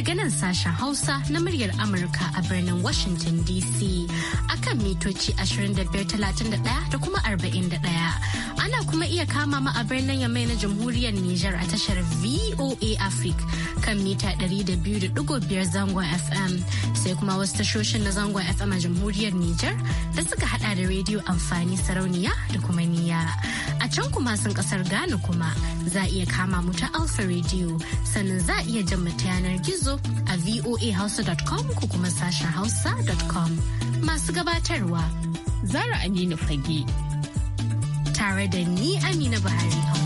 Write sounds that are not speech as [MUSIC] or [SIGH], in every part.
daga nan sashen Hausa na muryar Amurka a birnin Washington DC akan mitoci 2531 da kuma 41. Ana kuma iya kama ma a birnin Yamai na Jamhuriyar Nijar a tashar VOA Africa kan mita 200.5 zangon FM sai kuma wasu tashoshin na zangon FM a Jamhuriyar Nijar da suka hada da rediyo amfani sarauniya da kuma niya. can kuma sun kasar Ghana kuma za iya kama mu ta Alpha Radio sannan za iya jan mu ta yanar gizo a voahausa.com ko kuma sashen hausa.com masu gabatarwa. Zara Aminu Fage. Tare da ni Amina Buhari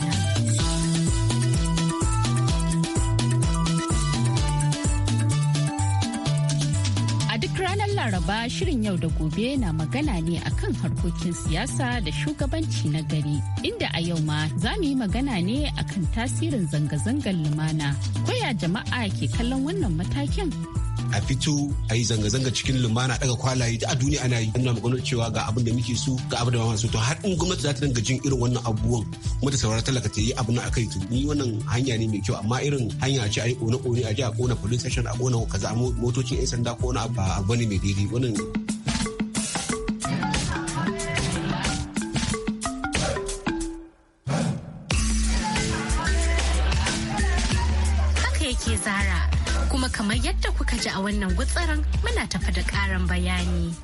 Laraba shirin yau da gobe na magana ne akan harkokin siyasa da shugabanci na gari. Inda a yau ma za mu yi magana ne akan tasirin zanga-zangar lumana. Koya jama'a ke kallon wannan matakin? a fito a yi zanga-zanga cikin lumana daga kwalaye a duniya ana yi ana magana cewa ga abin da muke so ga abin da ba so to har in gwamnati za ta dinga jin irin wannan abubuwan kuma ta saurara talaka ta yi abu a kai to ni wannan hanya ne mai kyau amma irin hanya ce a yi kone-kone a je a kona police station a kona kaza motocin 'yan sanda ko ba abu ne mai daidai wannan Zara. kuma kamar yadda kuka ji a wannan gutsaran muna tafa da ƙarin bayani.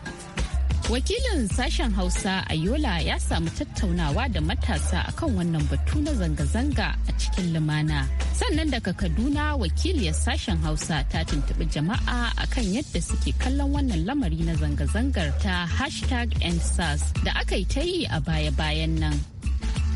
Wakilin sashen Hausa a Yola ya samu tattaunawa da matasa akan wannan batu na zanga-zanga a cikin lumana. Sannan daga Kaduna wakiliyar sashen Hausa ta tuntuɓi jama'a akan yadda suke kallon wannan lamari na zanga-zangar ta hashtag da aka yi ta yi a baya-bayan nan.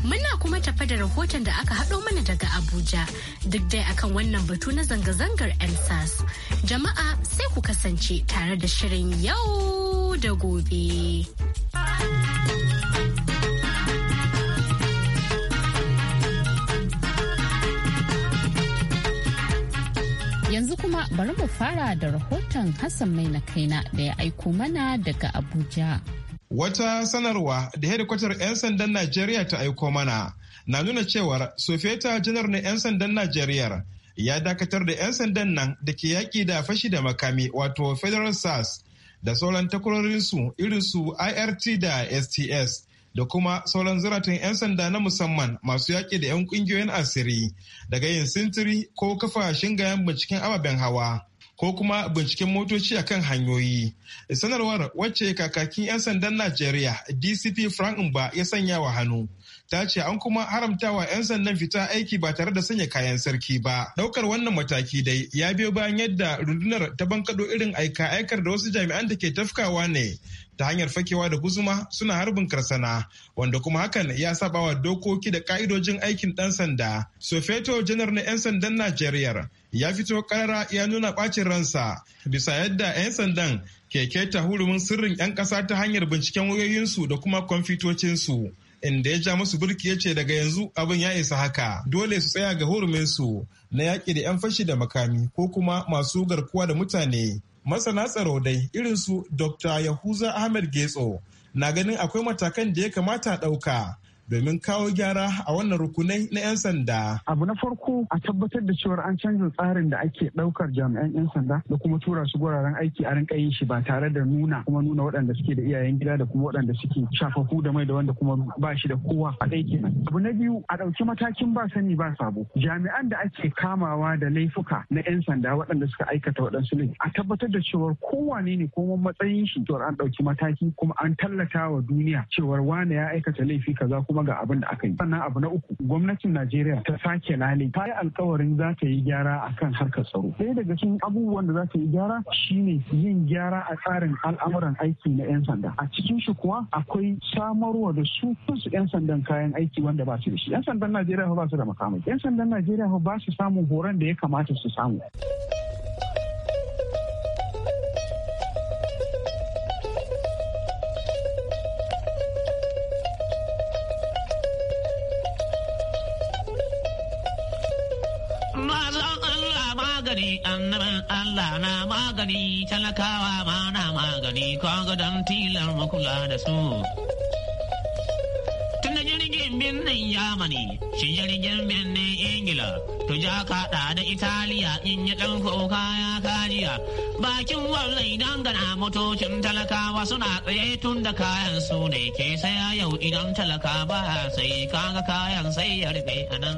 Muna kuma tafa da rahoton da aka haɗo mana daga Abuja duk dai akan wannan batu na zanga-zangar MSAS. Jama'a sai ku kasance tare da shirin yau da gobe. Yanzu kuma bari mu fara da rahoton Hassan mai na kaina da ya aiko mana daga Abuja. Wata sanarwa da hedikwatar 'yan sandan Najeriya ta aiko mana na nuna cewar Sofeta janar na 'yan sandan Najeriya ya dakatar da 'yan sandan nan da ke yaƙi da fashi da makami wato Federal SARS da sauran takwarorinsu irinsu IRT da STS da kuma sauran ziratin 'yan sanda na musamman masu yaƙi da 'yan ƙungiyoyin asiri daga yin sintiri ko kafa shingayen binciken ababen hawa. ko kuma binciken motoci a kan hanyoyi. Sanarwar wacce kakakin 'yan sandan Najeriya DCP Frank Mba ya sanya wa hannu. Ta ce an kuma haramtawa 'yan sandan fita aiki ba tare da sanya kayan sarki ba. Daukar wannan mataki dai ya biyo bayan yadda rundunar ta bankaɗo irin aika-aikar da wasu jami'an da ke tafkawa ne ta hanyar fakewa da guzuma suna harbin karsana wanda kuma hakan ya saba dokoki da ka'idojin aikin ɗan sanda sofeto janar na 'yan sandan najeriya ya fito karara ya nuna ɓacin ransa bisa yadda 'yan sandan keke ta hurumin sirrin 'yan ƙasa ta hanyar binciken wayoyinsu da kuma kwamfutocinsu inda ya ja musu burki ya ce daga yanzu abin ya isa haka dole su tsaya ga huruminsu na yaƙi da 'yan fashi da makami ko kuma masu garkuwa da mutane masana tsaro dai irinsu dr yahuza ahmed getso na ganin akwai matakan da ya kamata a ɗauka domin kawo gyara a wannan rukunai na 'yan sanda. Abu na farko a tabbatar da cewar an canza tsarin da ake ɗaukar jami'an 'yan sanda da kuma tura su guraren aiki a rinka yin shi ba tare da nuna kuma nuna waɗanda suke da iyayen gida da kuma waɗanda suke shafafu da mai da wanda kuma ba shi da kowa a ɗaya kenan. Abu na biyu a ɗauki matakin ba sani ba sabo. Jami'an da ake kamawa da laifuka na 'yan sanda waɗanda suka aikata waɗansu ne a tabbatar da cewar kowane ne ko matsayin shi cewar an ɗauki mataki kuma an tallata wa duniya cewar wane ya aikata laifi kaza kuma kuma ga abin da aka yi sannan abu na uku gwamnatin najeriya ta sake lale ta yi alkawarin za ta yi gyara a kan harkar tsaro ɗaya daga cikin abubuwan da za ta yi gyara ne yin gyara a tsarin al'amuran aiki na 'yan sanda a cikin shi kuwa akwai samarwa da su kansu 'yan sandan kayan aiki wanda ba su da shi 'yan sandan najeriya ba su da makamai 'yan sandan najeriya ba su samun horon da ya kamata su samu. annaban Allah na magani talakawa ma na magani kaga don tilar makula da su. Tun jirgin birnin Yamani, shi jirgin birnin Ingila, tuja ja kaɗa da Italiya in yi ɗan kuka kariya, bakin wannan idan gana motocin talakawa suna tsaye tun da kayan su ne ke saya yau idan talaka ba sai kaga kayan sai ya rufe a nan.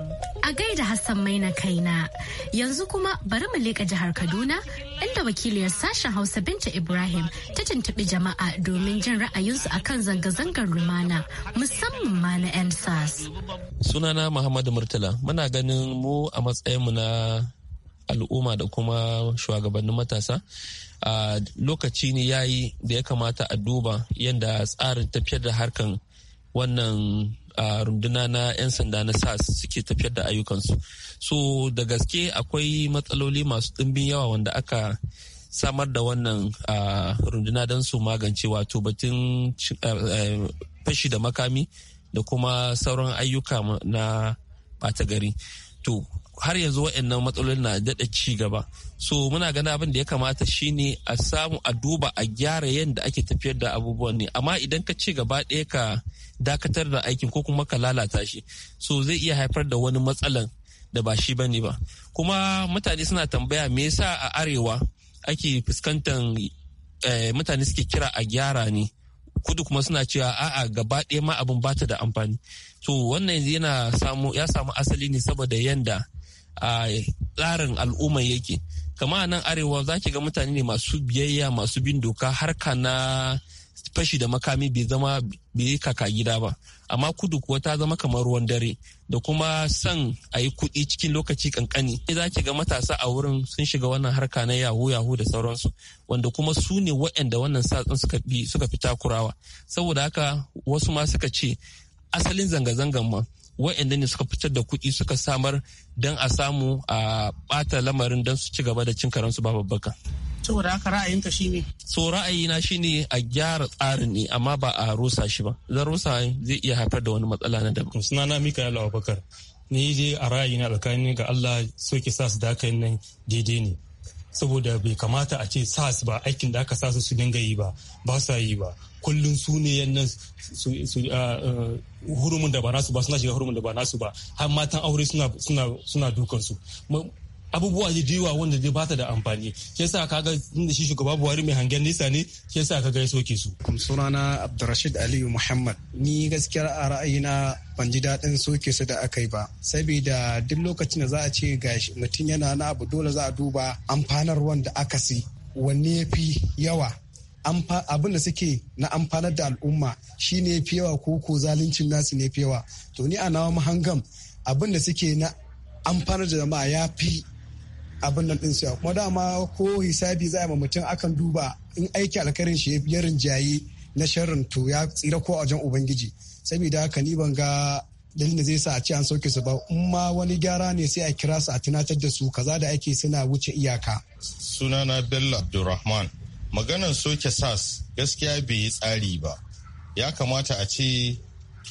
A gaida Hassan mai na kaina yanzu kuma bari mu leƙa jihar Kaduna inda wakiliyar sashen Hausa Binta Ibrahim ta tuntuɓi jama'a domin jin ra'ayinsu akan zanga-zangar lumana musamman ma na 'yan SAS. Sunana Muhammadu Murtala muna ganin mu a matsayinmu na al'umma da kuma shugabannin matasa a lokaci ne ya yi da ya kamata a duba yadda tsarin tafiyar da harkan wannan runduna na 'yan sanda na sas suke tafiyar da ayyukansu so da gaske akwai matsaloli masu ɗimbin yawa wanda aka samar da wannan runduna don su magance wato batun fashi da makami da kuma sauran ayyuka na ɓata gari to har yanzu waɗannan matsalolin na daɗa ci gaba so muna gani abin da ya kamata shine a samu a duba a gyara yadda ake tafiyar da abubuwan ne amma idan ka ci gaba ɗaya ka dakatar da aikin ko kuma ka lalata shi so zai iya haifar da wani matsalan da ba shi bane ba kuma mutane suna tambaya me yasa a arewa ake fuskantar eh, mutane suke kira a gyara ne kudu kuma suna cewa a'a gaba ɗaya ma abin bata da amfani to wannan yana samu ya samu asali ne saboda yanda A tsarin al'umma yake kama nan arewa za ki ga mutane ne masu biyayya masu bin doka harka na fashi da makami bai zama bai kaka gida ba amma kudu kuwa ta zama kamar ruwan dare da kuma son a yi kuɗi cikin lokaci kankani za ki ga matasa a wurin sun shiga wannan harka na yahu yahu da sauransu wanda kuma su ne wa'anda wannan satsin suka suka fi takurawa saboda haka wasu ma suka ce asalin zanga-zangan ma wa'anda ne suka fitar da kuɗi suka samar don a samu a ɓata lamarin don su ci gaba da cin karansu ba babbaka. saboda haka ra'ayinka ne? so ra'ayina ne a gyara tsarin ne amma ba a rusa shi ba zan rusa zai iya haifar da wani matsala na daban mika mikael abubakar ni dai a ra'ayina tsakanin ga allah soke sa su daka nan daidai ne saboda bai kamata a ce sas ba aikin da aka sa su dinga yi ba ba sa yi ba kullum su ne yannan hurumin da ba nasu ba suna shiga hurumin da ba nasu ba har matan aure suna dukansu abubuwa da yawa wanda zai bata da amfani ke sa kaga inda shi shugaba buhari mai hangen nisa ne ke sa kaga ya soke su kuma sunana abdurrashid aliyu muhammad ni gaskiyar a ra'ayi na ban ji daɗin soke su da aka yi ba saboda duk lokacin da za a ce ga mutum yana na abu dole za a duba amfanar wanda aka si wanne ya fi yawa abin da suke na amfanar da al'umma shi ne fi yawa ko ko zaluncin nasu ne fi yawa to ni a nawa mahangam abin da suke na amfanar da jama'a ya fi abin nan din siya kuma dama ko hisabi za a mutum akan duba in aiki alkarin shi ya rinjaye na sharrin to ya tsira ko a wajen ubangiji saboda haka ni ban ga dalilin da zai sa a ce an sauke su ba in ma wani gyara ne sai a kira su a tunatar da su kaza da ake suna wuce iyaka sunana bello abdulrahman maganar soke sas gaskiya bai yi tsari ba ya kamata a ce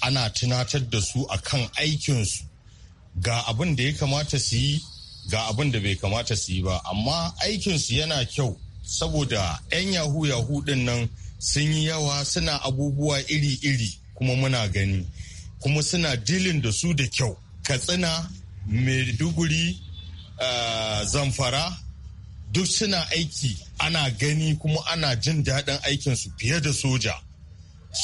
ana tunatar da su akan aikin su ga abin da ya kamata su yi ga abin da bai kamata su yi ba amma aikinsu yana kyau saboda 'yan yahu yahu din nan sun yi yawa suna abubuwa iri-iri kuma muna gani kuma suna dilin da su da kyau katsina maiduguri eh, zamfara duk suna aiki ana gani kuma ana jin daɗin aikinsu fiye da soja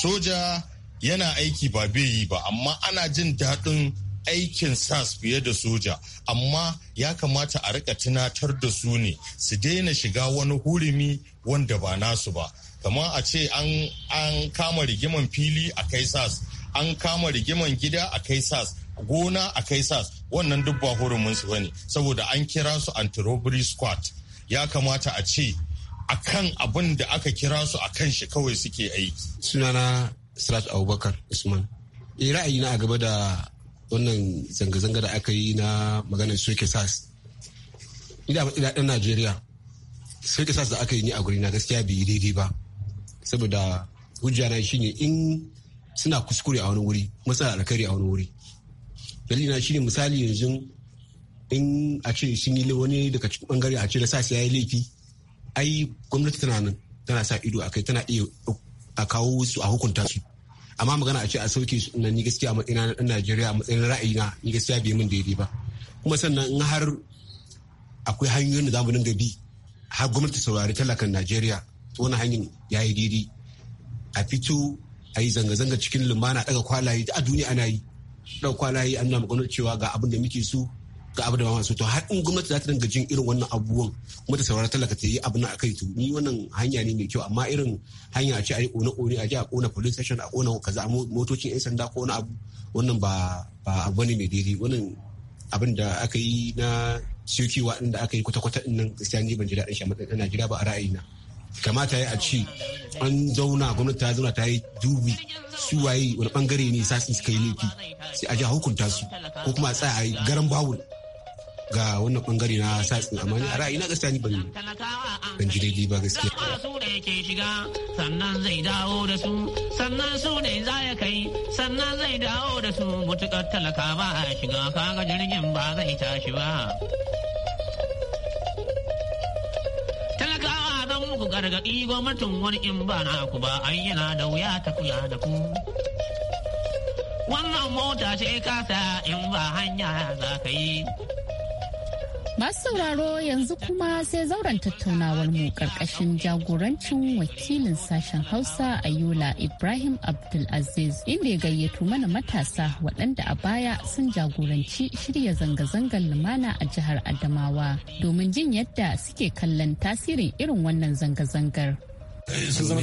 soja yana aiki ba bai yi ba amma ana jin daɗin aikin sas fiye da soja amma ya kamata a rika tunatar da su ne su daina shiga wani hurumi wanda ba nasu ba kamar a ce an kama rigiman fili a kai sas an kama rigiman gida a kai sas gona a kai sas wannan duk ba hurumin su bane saboda an kira su anti-robbery squad ya kamata a ce a kan abin da aka kira su a kan shi kawai suke aiki sunana sirat abubakar usman eh, ra'ayi na a gaba da wannan zanga-zanga da aka yi na maganar soke sas ina ina ɗan najeriya soke sas da aka yi ni a guri na gaskiya bai yi daidai ba saboda hujja na shine in suna kuskure a wani wuri matsala alkari a wani wuri dalilina shine misali yanzu in a ce sun yi wani daga cikin bangare a ce da sas ya yi laifi ai gwamnati tana nan tana sa ido a kai tana iya a kawo su a hukunta su amma magana a ce a sauke su na ni gaskiya a matsayin Najeriya a matsayin na ni gaskiya bai min daidai ba kuma sannan in har akwai hanyoyin da zamu dinga bi har gwamnati saurari talakan Najeriya to wani hanyar yayi daidai a fito a yi zanga-zanga cikin lumana daga kwalaye a duniya ana yi daga kwalaye an nuna cewa ga abin da muke so ga abu da ba masu to har in gwamnati za ta dinga jin irin wannan abubuwan kuma ta saurara talaka ta yi abu na akai to ni wannan hanya ne mai kyau amma irin hanya a ce a yi kone kone a je a kona police station a kona kaza motocin yan sanda ko wani abu wannan ba ba abu ne mai daidai wannan abin da aka yi na siyokiwa din da aka yi kwata-kwata din nan gaskiya ni ban ji daɗin shi a matsayin jira ba a ra'ayina kamata ya a ce an zauna gwamnati ta zauna ta yi dubi su waye wani bangare ne sasin suka yi laifi sai a ji hukunta su ko kuma a tsaya a yi garan bawul ga wannan bangare na satsin amma ni a ra'ayi na gaskiya ni ban ban ji daidai ba gaskiya su da yake shiga sannan zai dawo da su sannan su ne za ya kai sannan zai dawo da su mutukar talaka ba a shiga kaga jirgin ba zai tashi ba talakawa zan muku gargaɗi gwamnatin wani in ba na ku ba ai yana da wuya ta kula da ku wannan mota ce kasa in ba hanya za ka yi Masu sauraro yanzu kuma sai zauren tattaunawar mu karkashin jagorancin wakilin sashen Hausa a Yola Ibrahim Abdulaziz inda ya gayyato mana matasa waɗanda a baya sun jagoranci shirya zanga-zangar lumana a jihar Adamawa domin jin yadda suke kallon tasirin irin wannan zanga-zangar. sun zama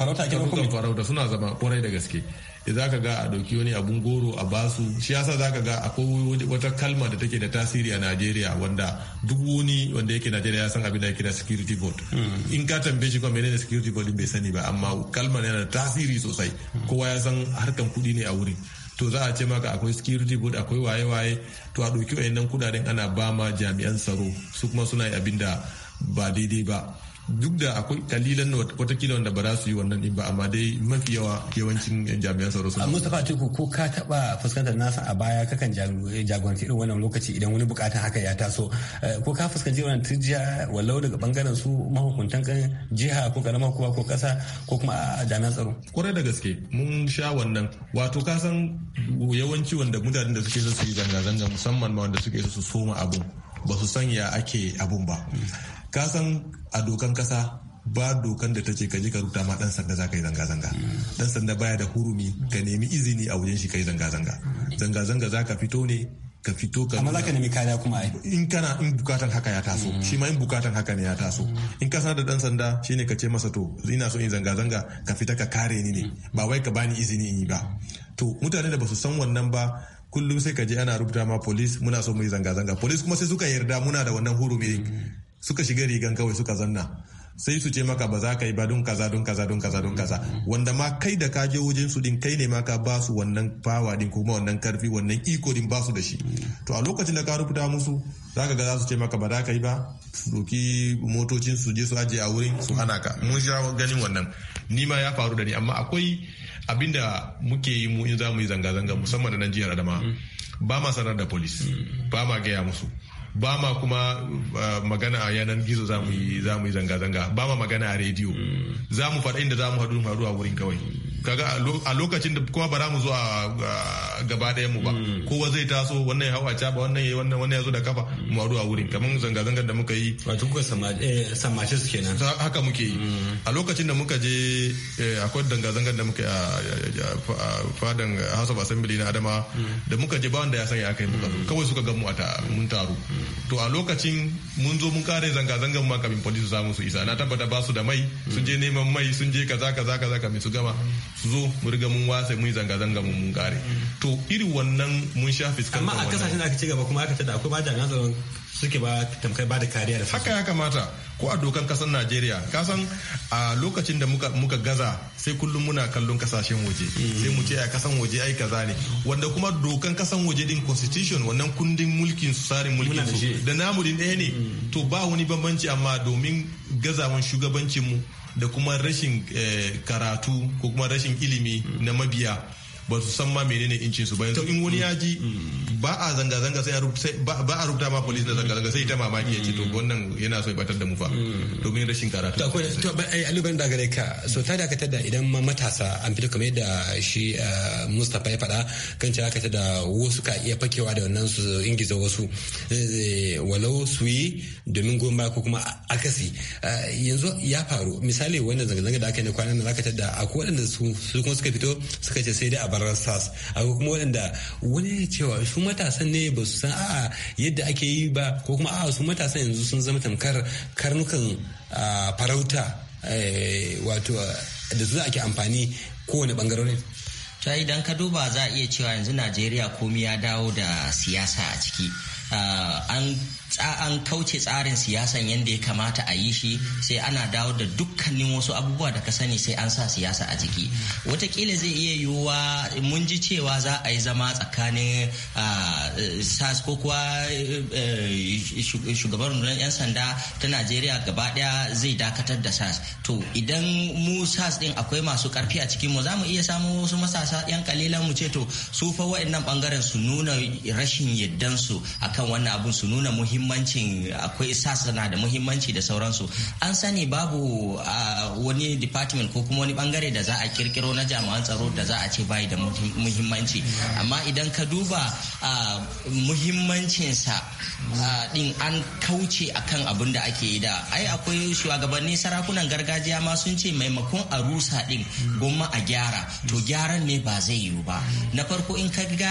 farauta kuma suna zama kwarai da gaske za ka ga a ɗauki wani abun goro a basu shi yasa za ka ga akwai wata kalma da take da tasiri a najeriya wanda duk wani wanda yake najeriya ya san abin da yake da security board hmm. in ka tambaye shi kuma menene security board bai sani ba amma kalmar yana da tasiri sosai hmm. kowa ya san harkan kuɗi ne a wurin to za a ce maka akwai security board akwai waye-waye to a ɗauki wayannan kudaden ana ba ma jami'an tsaro su kuma suna yi abin da ba daidai ba duk da akwai kalilan watakila wanda ba za su yi wannan ba amma dai mafi yawa yawancin jami'an tsaro sun Mustapha Atiku ko ka taba fuskantar nasa a baya kakan jagoranci irin wannan lokaci idan wani bukatan haka ya taso eh, ko ka fuskanci wannan turjiya wallau daga bangaren su mahukuntan kan jiha ko karamar kowa ko kasa ko kuma jami'an tsaro kwarai da gaske mun sha wannan wato ka san yawanci wanda mutanen da suke so su yi zanga-zanga musamman ma wanda suke so su soma abun ba su sanya ake abun ba ka san a dokan kasa ba dokan da ta ce ka je ka rubuta ma dan sanda za ka yi zanga-zanga dan sanda baya da hurumi ka nemi izini a wajen shi ka yi zanga-zanga zanga-zanga za ka fito ne ka fito ka amma za ka nemi kariya kuma ai in kana in bukatan haka ya taso mm. shi ma in bukatan haka ne ya taso mm. in ka da dan sanda shine ka ce masa to ina so in zanga-zanga ka fita ka kare ni ne mm. ba wai ka bani izini in yi ba to mutane da ba su san wannan ba kullum sai ka je ana rubuta ma police muna so mu yi zanga-zanga police kuma sai suka yarda muna da wannan hurumi suka shiga rigan kawai suka zanna sai su ce maka ba za ka yi ba don kaza don kaza don kaza don kaza wanda ma kai da ka je wajen su din kai ne ma ka ba su wannan fawa din kuma wannan karfi wannan iko din ba su da shi to a lokacin da ka rubuta musu za ka ga za su ce maka ba za ka yi ba su doki motocin su je su aje a wurin su hana ka mun sha ganin wannan ni ma ya faru da ni amma akwai abinda muke yi mu in za mu yi zanga-zanga musamman da nan jihar adama mm. ba ma sanar da polis mm. ba ma gaya musu ba ma kuma magana a yanar gizo za mu yi zanga-zanga ba ma magana a rediyo mm. za mu faɗa inda za mu haɗu haɗu a wurin kawai kaga a lokacin da kuma bara mu zo a gaba ɗayan mu ba mm. kowa zai taso wannan ya hau a caba wannan ya wannan wannan ya zo da kafa mm. mu haɗu a wurin kamar zanga zangar da muka yi wato kuka eh, samace su kenan haka muke yi mm. a lokacin da muka je eh, akwai zanga zangar da muka a fadan House of Assembly na Adama da muka je ba wanda ya sanya aka yi muka kawai suka ga mu a mun taru to a lokacin mun zo mun kare zanga zangar mu kafin police su samu su isa na tabbata ba su da mai sun je neman mai sun je kaza kaza kaza kafin su gama zo mu riga mun wasa mun zanga-zanga mun kare mm. to iri wannan mun sha fiskan amma a kasashen da aka ci gaba kuma aka tada akwai ba jami'an tsaron suke ba tamkai ba da kariya da haka ya kamata ko a dokan kasar najeriya kasan a lokacin da muka, muka gaza sai kullum muna kallon kasashen waje mm. sai mu ce a kasan waje ai kaza ne wanda kuma dokan kasan waje din constitution wannan kundin mulkin su sare mulkin su da namu din ɗaya ne mm. to ba wani bambanci amma domin gazawan shugabancin mu da kuma rashin eh, karatu ko kuma rashin ilimi na mabiya ba su san ma menene incin su ba yanzu in wani ya ji ba a zanga zanga sai ba a rubuta ma police na zanga zanga sai ta mamaki ya ce to wannan yana so ya batar da mu fa mm. domin rashin karatu to akwai to ai eh, alubar da gare ka so ta dakatar da idan ma matasa an fito kamar yadda shi eh, Mustapha ya faɗa kan cewa ka da wasu ka iya fakewa da wannan su ingiza wasu eh, walau su yi domin goma ko kuma akasi yanzu ya faru misali wannan zanga zanga da aka yi na kwanan nan zaka tada akwai waɗanda su kuma suka fito suka ce sai dai a kamar sas ko kuma waɗanda wani cewa su matasan ne ba su san a'a yadda ake yi ba ko kuma a'a su matasan yanzu sun zama tamkar karnukan farauta wato da su ake amfani kowane bangarorin ta idan ka duba za a iya cewa yanzu najeriya komi ya dawo da siyasa a ciki Ah, an kauce tsarin siyasan yadda ya kamata a yi shi sai ana dawo da dukkanin wasu abubuwa da ka sani sai an sa siyasa a ciki watakila zai iya yiwuwa mun ji cewa za a yi zama tsakanin ah, sas ko kuwa eh, shugaban rundunar 'yan sanda ta najeriya gaba daya zai dakatar da sas to idan mu sas din akwai masu karfi a cikin mu za mu iya samu wasu matasa 'yan kalilan mu ce to su fa waɗannan bangaren su nuna rashin su a akan wannan abun su nuna muhimmancin akwai sasana da muhimmanci da sauransu an sani babu wani department ko kuma wani bangare da za a kirkiro na jami'an tsaro da za a ce bai da muhimmanci amma idan ka duba muhimmancinsa din an kauce akan abun da ake yi da ai akwai shugabanni sarakunan gargajiya ma sun ce maimakon a rusa din goma a gyara to gyaran ne ba zai yiwu ba na farko in ka riga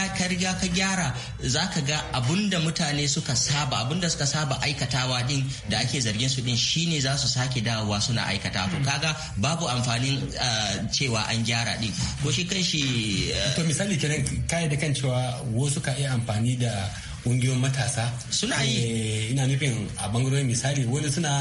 ka gyara za ka ga abun da mutane suka saba abinda suka saba aikatawa din da ake zargin su din shine za su sake dawowa suna aikata to kaga babu amfanin eh, cewa an gyara din ko shi kan eh, to misali kenan kai da kan cewa wasu ka iya amfani da kungiyoyin matasa suna yi eh, ina nufin a bangarorin misali wani suna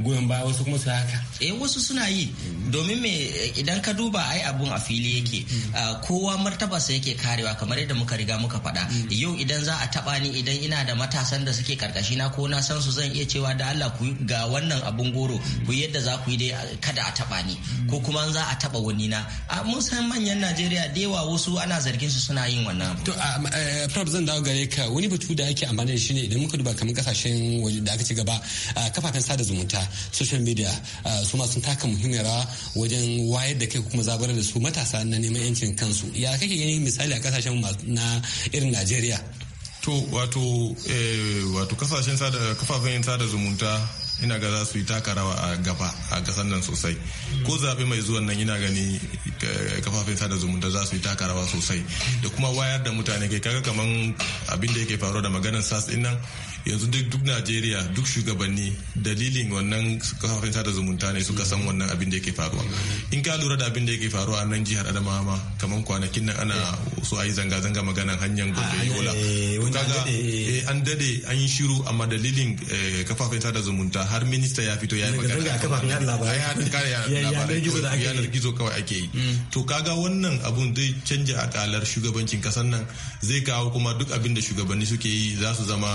goyon baya wasu kuma su haka eh wasu suna yi mm. domin me idan ka duba ai abun a fili yake mm. ah, kowa martaba sa yake karewa kamar yadda muka riga muka faɗa mm. yau idan za a taba ni idan ina da matasan da suke karkashi na ko na san su zan iya cewa da Allah ku ga wannan abun goro ku yadda za ku yi dai kada a taba ni ko kuma za a taba wani na ah, mun san manyan Najeriya da yawa wasu ana zargin su suna yin wannan to ah, eh, prof zan dawo gare ka wani batu da ake amfani da shi ne idan muka duba kamar kasashen waje da aka ci gaba kafafen sada zumunta social media su ma sun taka muhimmiyar rawa wajen wayar da kai kuma zabar da su matasa na neman yancin kansu ya kake yin misali a kasashen na irin Najeriya wato eh, wato kasashen sada kafafen sada zumunta ina ga za su yi taka rawa a gaba a kasar nan sosai ko zaɓe mai zuwan nan ina gani eh, kafafen sada zumunta za su yi taka rawa sosai da kuma wayar da mutane kai kaga kaman abin da yake faruwa da maganar sas din nan yanzu duk duk najeriya duk shugabanni dalilin wannan kafafen sada zumunta ne suka san wannan abin da yake faruwa in ka lura da abin da yake faruwa nan jihar adamawa ma kamar kwanakin nan ana so a yi zanga-zanga maganan hanyar gobe ah, yola eh, eh, an dade an yi shiru amma dalilin eh, kafafen sada zumunta har minista ya fito ya yi magana yanar gizo kawai yi hmm. to kaga wannan abun zai canja akalar shugabancin kasan nan zai kawo kuma duk abin da shugabanni suke yi za su zama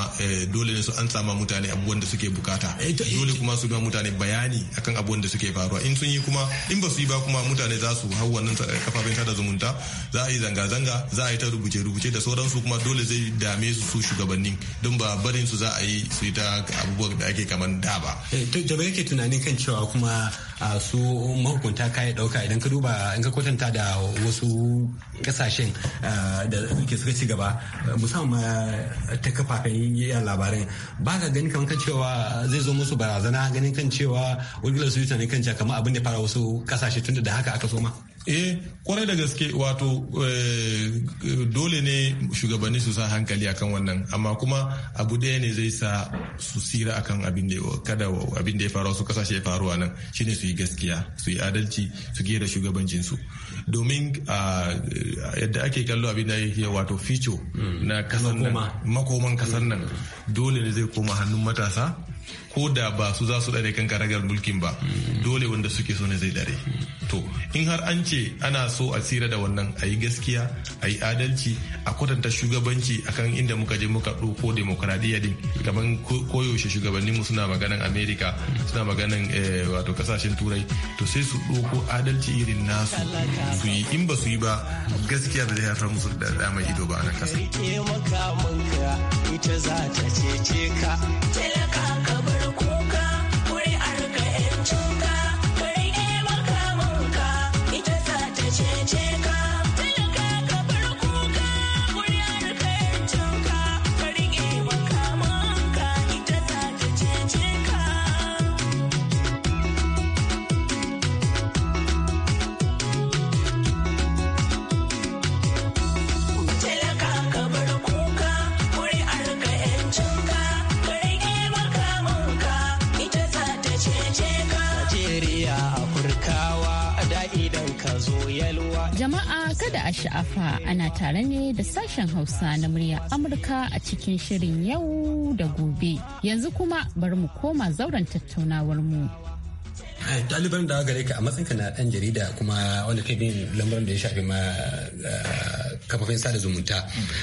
dole dole ne su an sama mutane abubuwan da suke bukata eh, eh, dole kuma su ba mutane bayani akan abubuwan da suke faruwa in sun yi kuma in ba su yi ba kuma mutane za su hau wannan kafafen sada zumunta za a yi zanga-zanga za a yi ta rubuce-rubuce da sauransu kuma dole zai dame su su shugabannin don ba barin su za a yi su yi ta abubuwan da ake kamar da ba. Eh, to da yake tunanin kan cewa kuma su mahukunta kaya dauka idan ka duba in ka kwatanta da wasu kasashen eh, da suke suka ci gaba eh, musamman eh, ta kafafen yayan labarin ba ka gani kamar kan cewa zai zo musu barazana ganin kan cewa wulgular su tunanin kan cewa kamar abin da fara wasu kasashe tunda da haka aka ma. eh kwarai da gaske wato eh, dole ne shugabanni su sa hankali akan wannan amma kuma abu ɗaya ne zai sa su sira akan abin da kada abin ya faru su kasashe ya faruwa nan shine su yi gaskiya su yi adalci su gera shugabancinsu su domin yadda ake kallo abin da ya wato fico mm. na kasar nan makoman kasar nan mm. dole ne zai koma hannun matasa ko da ba su za su dare kan karagar mulkin ba dole wanda suke so ne zai dare to in har an ce ana so a tsira da wannan a yi gaskiya a yi adalci a kwatanta shugabanci akan inda muka je muka ɗauko demokuraɗiyya din kamar koyaushe mu suna maganan amerika suna maganan eh, wato kasashen turai to sai su ɗauko adalci irin nasu su yi in ba su yi ba gaskiya da zai haifar musu da dama ido ba a nan kasa. Jama'a kada a sha'afa ana tare ne da sashen Hausa na murya Amurka a cikin shirin yau da gobe. Yanzu kuma bari mu koma zauren tattaunawar mu. Ɗaliban da gare ka a matsayinka na ɗan jarida kuma wanda kai bin lamarin da ya shafi ma eh, kafafen sada zumunta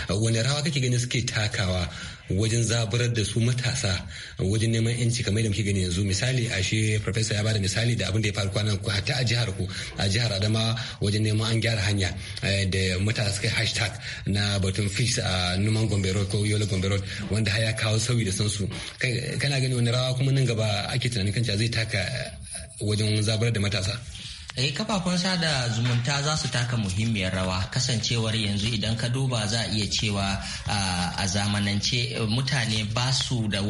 mm. wani rawa kake ganin suke takawa wajen zaburar da su matasa wajen neman yanci kamar da muke gani yanzu misali a shi professor ya bada misali da abin da ya faru kwanan ku hatta a jihar ku a jihar Adama wajen neman an gyara hanya eh, da matasa suka hashtag na batun fix a numan Gombe road ko Yola Gombe road wanda haya kawo sauyi da sansu kana gani wani rawa kuma nan gaba ake tunanin kanta zai taka wajen zaburar da matasa Eh kafafen sada zumunta za su taka muhimmiyar rawa kasancewar yanzu idan ka duba za iya cewa a zamanance eh, mutane ba su da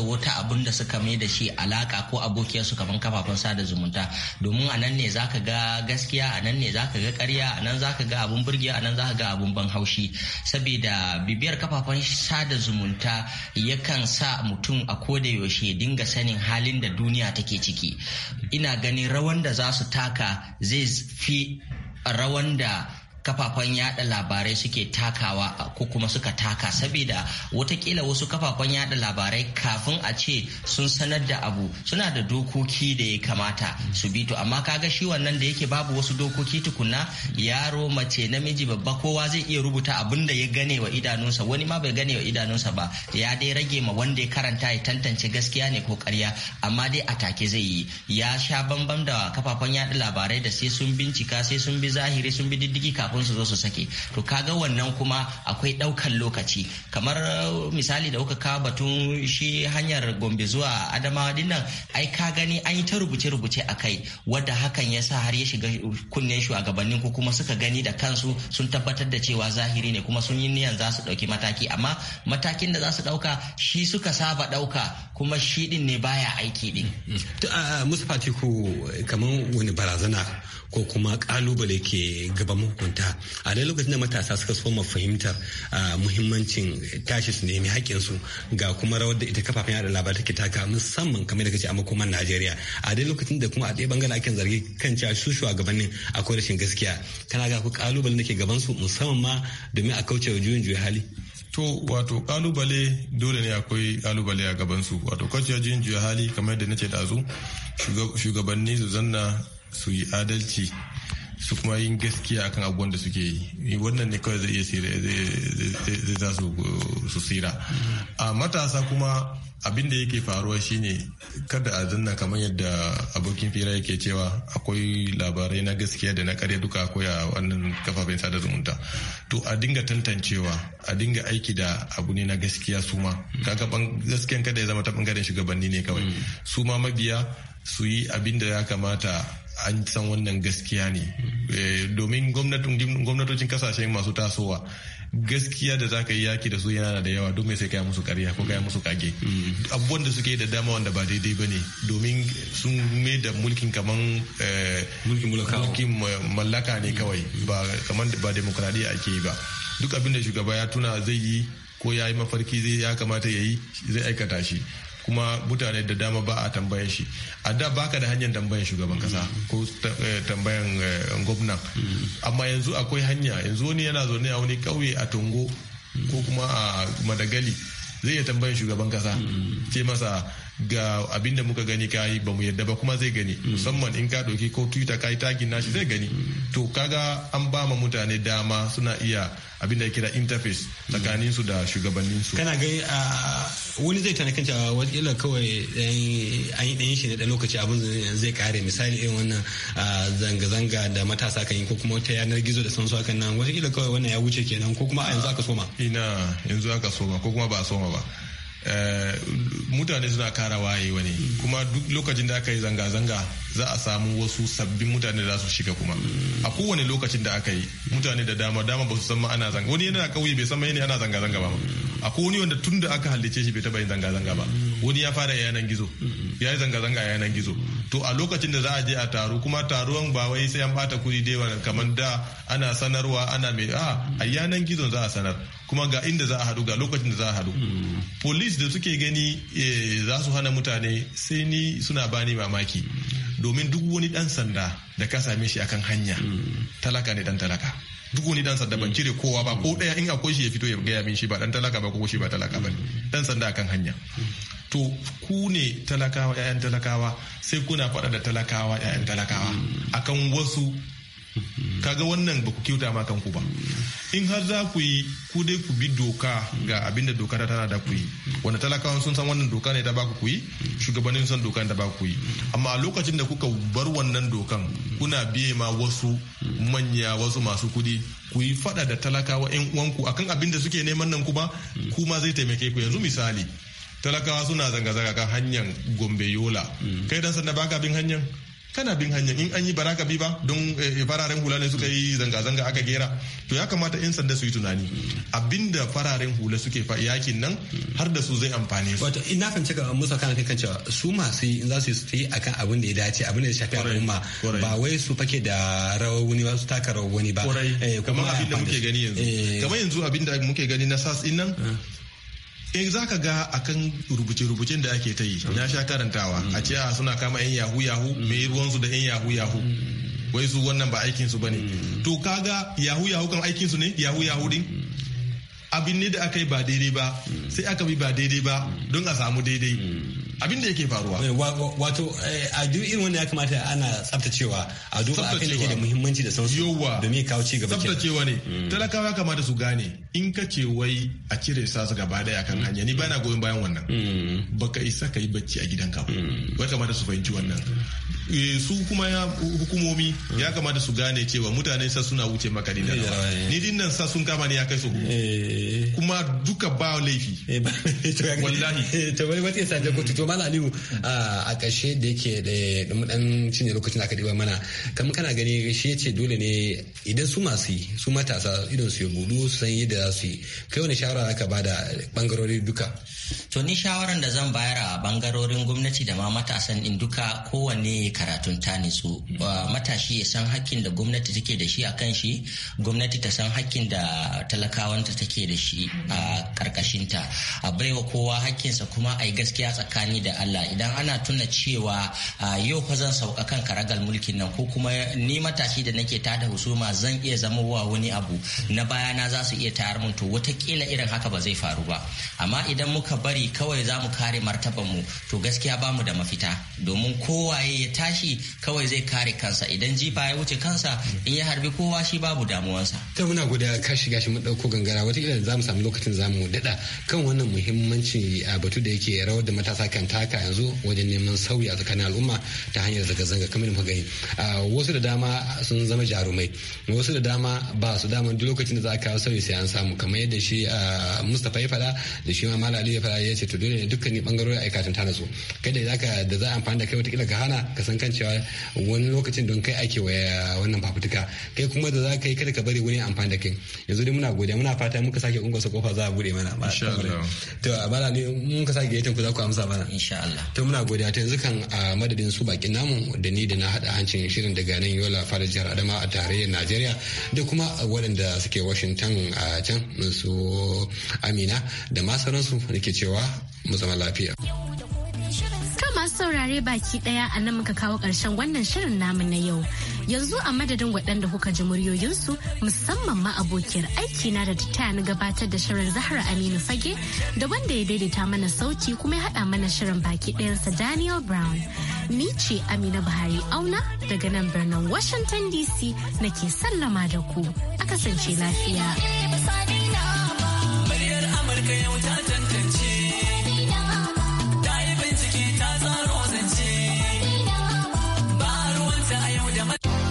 wata abun da suka mai da shi alaka ko abokiyar su kamar kafafen sada zumunta domin a nan ne za ka ga gaskiya a nan ne za ka ga karya a nan za ka ga abun burgiya a nan za ka ga abun ban haushi saboda bibiyar kafafen sada zumunta yakan sa mutum a koda yaushe dinga sanin halin da duniya take ciki ina ganin rawan da za su taka zai fi rawan da kafafen yada labarai suke takawa ko kuma suka taka saboda watakila wasu kafafen yada labarai kafin a ce sun sanar da abu suna da dokoki da ya kamata su bi to amma kaga shi wannan da yake babu wasu dokoki tukunna yaro mace namiji babba kowa zai iya rubuta abin da ya gane wa idanunsa wani ma bai gane wa idanunsa ba ya dai rage ma wanda ya karanta ya tantance gaskiya ne ko karya amma dai a take zai yi ya sha bambam da kafafen yada labarai da sai sun bincika sai sun bi zahiri sun bi diddigi kafin su zo su sake to kaga wannan kuma akwai ɗaukan lokaci kamar uh, misali da kuka kawo batun shi hanyar gombe zuwa adamawa dinnan ai ka gani an yi ta rubuce-rubuce a kai wadda hakan ya sa har ya shiga kunnen shugabannin ko kuma suka gani da kansu sun tabbatar da cewa zahiri ne kuma sun yi niyan za su ɗauki mataki amma matakin da za su ɗauka shi suka saba ɗauka kuma shi din ne baya aiki din. Musa Fatiku kamar wani barazana ko kuma ƙalubale ke gaban mata a dai lokacin da matasa suka soma fahimtar muhimmancin tashi su nemi haƙƙinsu ga kuma rawar da ita kafafen yada labarai take taka musamman kamar da kace a makoman Najeriya a dai lokacin da kuma a ɗaya bangaren ake zargi kan cewa su shugabannin akwai rashin gaskiya kana ga ku kalubalen da ke gaban su musamman ma domin a kauce wa juyin juya hali to wato kalubale dole ne akwai kalubale a gaban su wato kauce wa juyin juya hali kamar yadda nace da su shugabanni su zanna su yi adalci su kuma yin gaskiya akan abubuwan da suke yi wannan ne kawai zai iya zai za su sira a matasa kuma abinda da yake faruwa shine kada a zanna kamar yadda abokin fira yake cewa akwai labarai na gaskiya da na karya duka akwai a wannan kafafen sada zumunta to a dinga tantancewa a dinga aiki da abu ne na gaskiya su ma kaga gaskiyan kada ya zama ta bangaren shugabanni ne kawai mm. Suma mabiya su yi abin da ya kamata an san wannan gaskiya ne eh, domin gwamnatocin kasashe masu tasowa gaskiya da za ka yi yaki da su yana da yawa domin sai kai musu karya ko kai musu kage mm. abubuwan da suke da dama wanda ba daidai ba ne domin sun mai da mulkin kaman eh, mulkin mallaka ne kawai mm. ba kaman ba demokradiyya ake yi ba duk abin da shugaba ya tuna zai yi ko ya yi mafarki zai ya kamata ya yi zai aikata shi kuma mutane da dama ba a tambayan shi a da baka da hanyar tambayan shugaban kasa ko eh, tambayan eh, gwamna amma yanzu akwai hanya yanzu wani yana zaune a wani kauye a tongo ko kuma a madagali zai iya tambayan shugaban kasa ce mm. masa ga abin da muka gani kayi ba mu yadda ba kuma zai gani mm. musamman in ka doki ko twitter kayi tagin nashi zai gani mm. to kaga an ba ma mutane dama suna iya abin da ya kira interface mm. tsakanin su da shugabannin su kana a wani zai tana kanta wataƙila kawai an yi ɗanyen shi na ɗan lokaci abin zai kare misali irin wannan zanga-zanga da matasa kan yi ko kuma wata yanar gizo da sansu hakan nan wataƙila kawai wannan ya wuce kenan ko kuma a yanzu aka soma ina yanzu aka soma ko kuma ba a soma ba Eh, mutane suna kara wayewa ne hmm. kuma duk lokacin da aka yi zanga-zanga za a samu wasu sabbin mutane da su shiga kuma hmm. a kowane lokacin da aka yi mutane da dama dama ba su san ma ana zanga wani yana kauye bai san ma yana zanga-zanga ba hmm. a wani wanda tun da aka halice shi bai taba yin zanga-zanga ba wani ya fara yanan gizo ya yi zanga-zanga yanan gizo to a lokacin da za a je a taro kuma taruwan ba wai sai an bata kuɗi da kamar da ana sanarwa ana mai a a yanan gizon za a sanar kuma ga inda za a haɗu ga lokacin da za a haɗu police da suke gani eh, za su hana mutane sai ni suna bani mamaki domin duk wani dan sanda da ka same shi akan hanya talaka ne dan talaka duk wani dan sanda ban cire kowa ba ko daya in akwai shi ya fito ya gaya min shi ba dan talaka ba ko shi ba talaka ba dan sanda akan hanya to ku ne talakawa 'ya'yan talakawa sai kuna faɗa da talakawa 'ya'yan talakawa akan wasu kaga wannan ba ku kyauta ma kanku ba in har za ku yi ku dai ku bi doka ga abinda doka ta tana da ku yi wanda talakawan sun san wannan doka ne ta ba ku yi shugabannin san doka ne da ba ku yi amma a lokacin da kuka bar wannan dokan kuna biye ma wasu manya wasu masu kudi ku yi fada da talakawa yan uwanku akan abin da suke neman nan kuma ma zai taimake ku yanzu misali talakawa suna zanga-zanga kan hanyar gombe yola kai dan sanda baka bin hanyar kana bin hanyar in an yi baraka bi ba don eh, fararen hula ne suka yi zanga-zanga aka gera to ya kamata 'yan sanda su yi tunani abinda fararen hula suke yakin nan har da su zai amfane su wato ina kan cika musa kana kan cewa su masu yi za su yi akan abin da ya dace abin da ya shafi al'umma ba wai su fake da rawar wani ba su taka rawar wani ba eh, kamar abin da muke gani yanzu eh. kamar yanzu abin da muke gani na sas din nan Eh za ka ga akan rubuce-rubucen da ake ta yi na sha karantawa mm. a ce ah, suna kama yan yahu yahu mai ruwansu da yan yahu yahu mm. wai su wannan ba aikinsu ba ne mm. to kaga yahu yahu kan aikinsu ne yahu yahu din abin ne da aka yi ba daidai ba sai aka bi ba daidai ba don a samu daidai abin da yake faruwa eh, wato eh, a duk irin wanda ya kamata ana tsaftacewa a duba abin da ke da muhimmanci da sauransu da domin kawo ci gaba tsaftacewa ne mm. talakawa kamata su gane in ka ce wai a cire sasu gaba daya kan hanya ni bana goyon bayan wannan mm. baka isa ka yi bacci a ka ba mm. ya kamata su fahimci wannan eh, su kuma ya hukumomi ya kamata su gane cewa mutane sa suna wuce maka ni ni din nan sa sun kama ni ya kai su kuma duka ba laifi [LAUGHS] wallahi [LAUGHS] to wani wata yasa da kotu mala aliyu a ƙarshe da yake da dan cinye lokacin da aka diba mana kamar kana gani shi ce dole ne idan su masu yi su matasa idan su ya budu su san yadda za su yi kai wani shawara aka ba da bangarori duka to ni shawaran da zan bayar a bangarorin gwamnati da ma matasan in duka kowanne karatun ta su matashi ya san hakkin da gwamnati take da shi a kan shi gwamnati ta san hakkin da talakawanta take da shi a karkashinta a baiwa kowa hakkinsa kuma a yi gaskiya tsakani tsakani da Allah idan ana tuna cewa yau fa zan sauka kan karagal mulkin nan ko kuma ni matashi da nake tada husuma zan iya zama wa wani abu na na za su iya tayar mun to wataƙila irin haka ba zai faru ba amma idan muka bari kawai za mu kare mu to gaskiya ba mu da mafita domin kowaye ya tashi kawai zai kare kansa idan jifa ya wuce kansa in ya harbi kowa shi babu damuwansa. ta muna guda ka shiga shi mu ɗauko gangara wata za mu samu lokacin za mu daɗa kan wannan muhimmancin batu da yake rawar da matasa kan taka yanzu wajen neman sauyi a tsakanin al'umma ta hanyar zanga-zanga kamar muka gani wasu da dama sun zama jarumai wasu da dama ba su dama duk lokacin da za a kawo sauyi sai an samu kamar yadda shi Mustapha ya faɗa da shi ma Malam Ali ya faɗa ya ce to dole ne dukkanin bangarorin aikatan ta natsu kada da da za a amfani da kai wata kila ka hana ka san kan cewa wani lokacin don kai ake wa eh, wannan fafutuka kai kuma da za ka yi kada ka bari wani amfani da kai yanzu dai muna godiya muna fata muka sake kungosa kofa za a bude mana to a bala ne mun ka sake gaitan ku za ku amsa mana insha Allah to muna godiya ta yanzu kan a madadin su bakin namu da ni da na hada hancin shirin daga nan Yola fara jihar Adama a tarayyar Najeriya da kuma waɗanda suke Washington a can su Amina da ma sauransu nake cewa mu zama lafiya. saurare baki daya a nan muka kawo ƙarshen wannan shirin namu na yau. Yanzu a madadin waɗanda kuka ji muryoyinsu musamman ma abokiyar aiki na da ta ni gabatar da shirin Zahra Aminu Fage da wanda ya daidaita mana sauti kuma ya haɗa mana shirin baki ɗayansa Daniel Brown. Ni ce Amina Buhari Auna daga nan birnin Washington DC nake sallama da ku. A kasance lafiya. Muryar Amurka